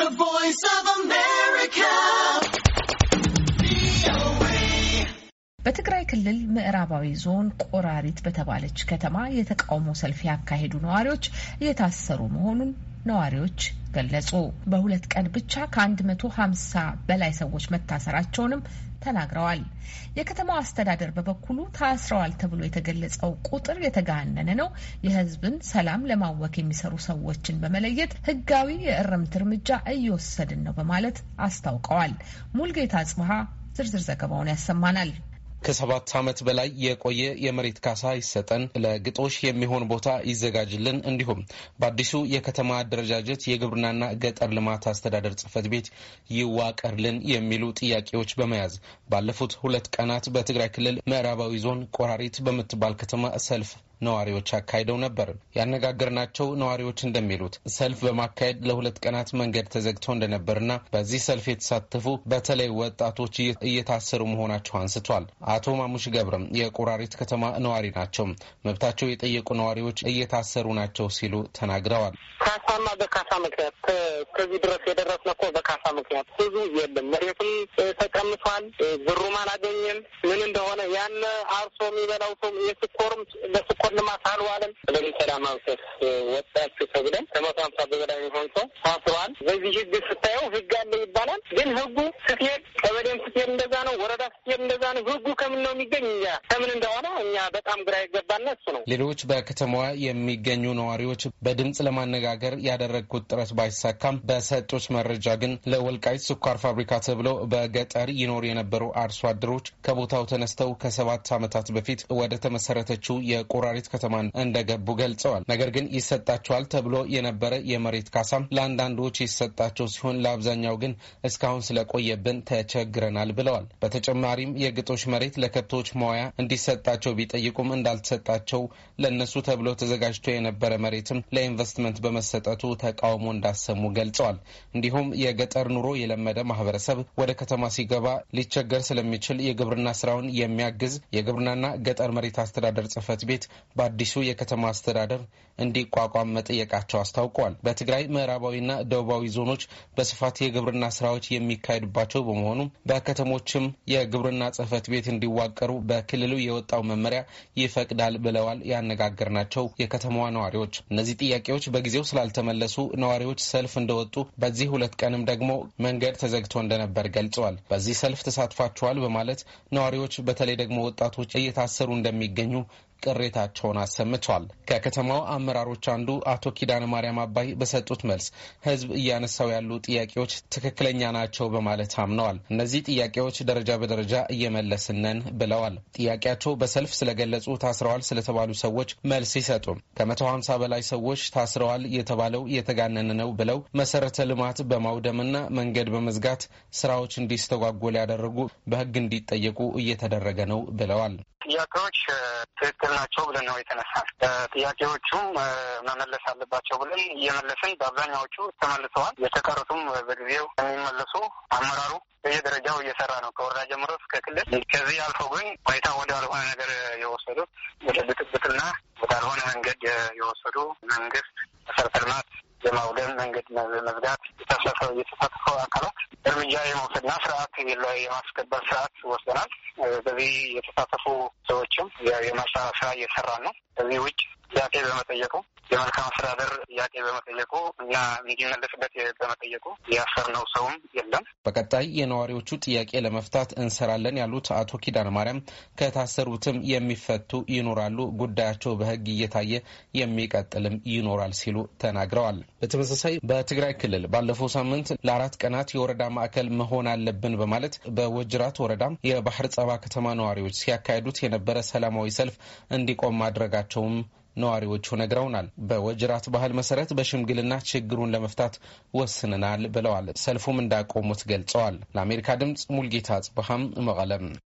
The Voice of America. በትግራይ ክልል ምዕራባዊ ዞን ቆራሪት በተባለች ከተማ የተቃውሞ ሰልፍ ያካሄዱ ነዋሪዎች እየታሰሩ መሆኑን ነዋሪዎች ገለጹ። በሁለት ቀን ብቻ ከ150 በላይ ሰዎች መታሰራቸውንም ተናግረዋል። የከተማው አስተዳደር በበኩሉ ታስረዋል ተብሎ የተገለጸው ቁጥር የተጋነነ ነው፣ የሕዝብን ሰላም ለማወክ የሚሰሩ ሰዎችን በመለየት ሕጋዊ የእርምት እርምጃ እየወሰድን ነው በማለት አስታውቀዋል። ሙልጌታ ጽብሃ ዝርዝር ዘገባውን ያሰማናል። ከሰባት ዓመት በላይ የቆየ የመሬት ካሳ ይሰጠን፣ ለግጦሽ የሚሆን ቦታ ይዘጋጅልን፣ እንዲሁም በአዲሱ የከተማ አደረጃጀት የግብርናና ገጠር ልማት አስተዳደር ጽህፈት ቤት ይዋቀርልን የሚሉ ጥያቄዎች በመያዝ ባለፉት ሁለት ቀናት በትግራይ ክልል ምዕራባዊ ዞን ቆራሪት በምትባል ከተማ ሰልፍ ነዋሪዎች አካሂደው ነበር። ያነጋገርናቸው ነዋሪዎች እንደሚሉት ሰልፍ በማካሄድ ለሁለት ቀናት መንገድ ተዘግቶ እንደነበርና በዚህ ሰልፍ የተሳተፉ በተለይ ወጣቶች እየታሰሩ መሆናቸው አንስቷል። አቶ ማሙሽ ገብረም የቁራሪት ከተማ ነዋሪ ናቸው። መብታቸው የጠየቁ ነዋሪዎች እየታሰሩ ናቸው ሲሉ ተናግረዋል። ካሳማ በካሳ ምክንያት ከዚህ ድረስ የደረስነው እኮ በካሳ ምክንያት ብዙ የለም መሬትም ተቀምቷል ብሩ አላገኘም። ምን እንደሆነ ያነ አርሶ የሚበላው ሰው የስኮርም ለስኮር ልማት አልዋለም። ስለዚህ ሰላማዊ ሰልፍ ወጣችሁ ተብለን ከመቶ ሀምሳ በበላይ የሚሆን ሰው ታስሯል። በዚህ ህግ ስታየው ህግ አለ ይባላል፣ ግን ህጉ ስትሄድ ስትሄድ እንደዛ ነው፣ ወረዳ ስትሄድ እንደዛ ነው። ህጉ ከምን ነው የሚገኝ ከምን እንደሆነ እኛ በጣም ግራ የገባና እሱ ነው። ሌሎች በከተማዋ የሚገኙ ነዋሪዎች በድምፅ ለማነጋገር ያደረግኩት ጥረት ባይሳካም በሰጡት መረጃ ግን ለወልቃይት ስኳር ፋብሪካ ተብሎ በገጠር ይኖሩ የነበሩ አርሶ አደሮች ከቦታው ተነስተው ከሰባት ዓመታት በፊት ወደ ተመሰረተችው የቆራሪት ከተማን እንደገቡ ገልጸዋል። ነገር ግን ይሰጣቸዋል ተብሎ የነበረ የመሬት ካሳም ለአንዳንዶች ይሰጣቸው ሲሆን ለአብዛኛው ግን እስካሁን ስለቆየብን ተቸግረናል ይሆናል ብለዋል። በተጨማሪም የግጦሽ መሬት ለከብቶች መዋያ እንዲሰጣቸው ቢጠይቁም እንዳልተሰጣቸው ለእነሱ ተብሎ ተዘጋጅቶ የነበረ መሬትም ለኢንቨስትመንት በመሰጠቱ ተቃውሞ እንዳሰሙ ገልጸዋል። እንዲሁም የገጠር ኑሮ የለመደ ማህበረሰብ ወደ ከተማ ሲገባ ሊቸገር ስለሚችል የግብርና ስራውን የሚያግዝ የግብርናና ገጠር መሬት አስተዳደር ጽህፈት ቤት በአዲሱ የከተማ አስተዳደር እንዲቋቋም መጠየቃቸው አስታውቀዋል። በትግራይ ምዕራባዊና ደቡባዊ ዞኖች በስፋት የግብርና ስራዎች የሚካሄዱባቸው በመሆኑም በከተ ከተሞችም የግብርና ጽህፈት ቤት እንዲዋቀሩ በክልሉ የወጣው መመሪያ ይፈቅዳል ብለዋል ያነጋገርናቸው የከተማዋ ነዋሪዎች። እነዚህ ጥያቄዎች በጊዜው ስላልተመለሱ ነዋሪዎች ሰልፍ እንደወጡ፣ በዚህ ሁለት ቀንም ደግሞ መንገድ ተዘግቶ እንደነበር ገልጸዋል። በዚህ ሰልፍ ተሳትፏቸዋል በማለት ነዋሪዎች በተለይ ደግሞ ወጣቶች እየታሰሩ እንደሚገኙ ቅሬታቸውን አሰምተዋል። ከከተማው አመራሮች አንዱ አቶ ኪዳነ ማርያም አባይ በሰጡት መልስ ህዝብ እያነሳው ያሉ ጥያቄዎች ትክክለኛ ናቸው በማለት አምነዋል። እነዚህ ጥያቄዎች ደረጃ በደረጃ እየመለስነን ብለዋል። ጥያቄያቸው በሰልፍ ስለገለጹ ታስረዋል ስለተባሉ ሰዎች መልስ ይሰጡም። ከመቶ ሀምሳ በላይ ሰዎች ታስረዋል የተባለው የተጋነነ ነው ብለው መሰረተ ልማት በማውደምና መንገድ በመዝጋት ስራዎች እንዲስተጓጎል ያደረጉ በህግ እንዲጠየቁ እየተደረገ ነው ብለዋል። ጥያቄዎች ትክክል ናቸው ብለን ነው የተነሳን። ጥያቄዎቹም መመለስ አለባቸው ብለን እየመለስን በአብዛኛዎቹ ተመልሰዋል። የተቀሩትም በጊዜው የሚመለሱ አመራሩ በየደረጃው እየሰራ ነው ከወረዳ ጀምሮ እስከ ክልል። ከዚህ አልፎ ግን ሁኔታ ወደ አልሆነ ነገር የወሰዱት ወደ ብጥብጥና ወደ አልሆነ መንገድ የወሰዱ መንግስት መሰረተ ልማት የማውደም መንገድ መዝጋት የተሳተፈው አካላት እርምጃ የመውሰድና ስርዓት ላይ የማስከበር ስርዓት ወስደናል። በዚህ የተሳተፉ ሰዎችም የማሻሻያ ስራ እየሰራ ነው። በዚህ ውጭ ጥያቄ በመጠየቁ የመልካም አስተዳደር ጥያቄ በመጠየቁ እና እንዲመለስበት በመጠየቁ ያሰርነው ሰውም የለም። በቀጣይ የነዋሪዎቹ ጥያቄ ለመፍታት እንሰራለን ያሉት አቶ ኪዳነ ማርያም ከታሰሩትም የሚፈቱ ይኖራሉ፣ ጉዳያቸው በህግ እየታየ የሚቀጥልም ይኖራል ሲሉ ተናግረዋል። በተመሳሳይ በትግራይ ክልል ባለፈው ሳምንት ለአራት ቀናት የወረዳ ማዕከል መሆን አለብን በማለት በወጅራት ወረዳም የባህር ጸባ ከተማ ነዋሪዎች ሲያካሄዱት የነበረ ሰላማዊ ሰልፍ እንዲቆም ማድረጋቸውም ነዋሪዎቹ ነግረውናል። በወጅራት ባህል መሰረት በሽምግልና ችግሩን ለመፍታት ወስንናል ብለዋል። ሰልፉም እንዳቆሙት ገልጸዋል። ለአሜሪካ ድምፅ ሙልጌታ ጽብሃም መቀለም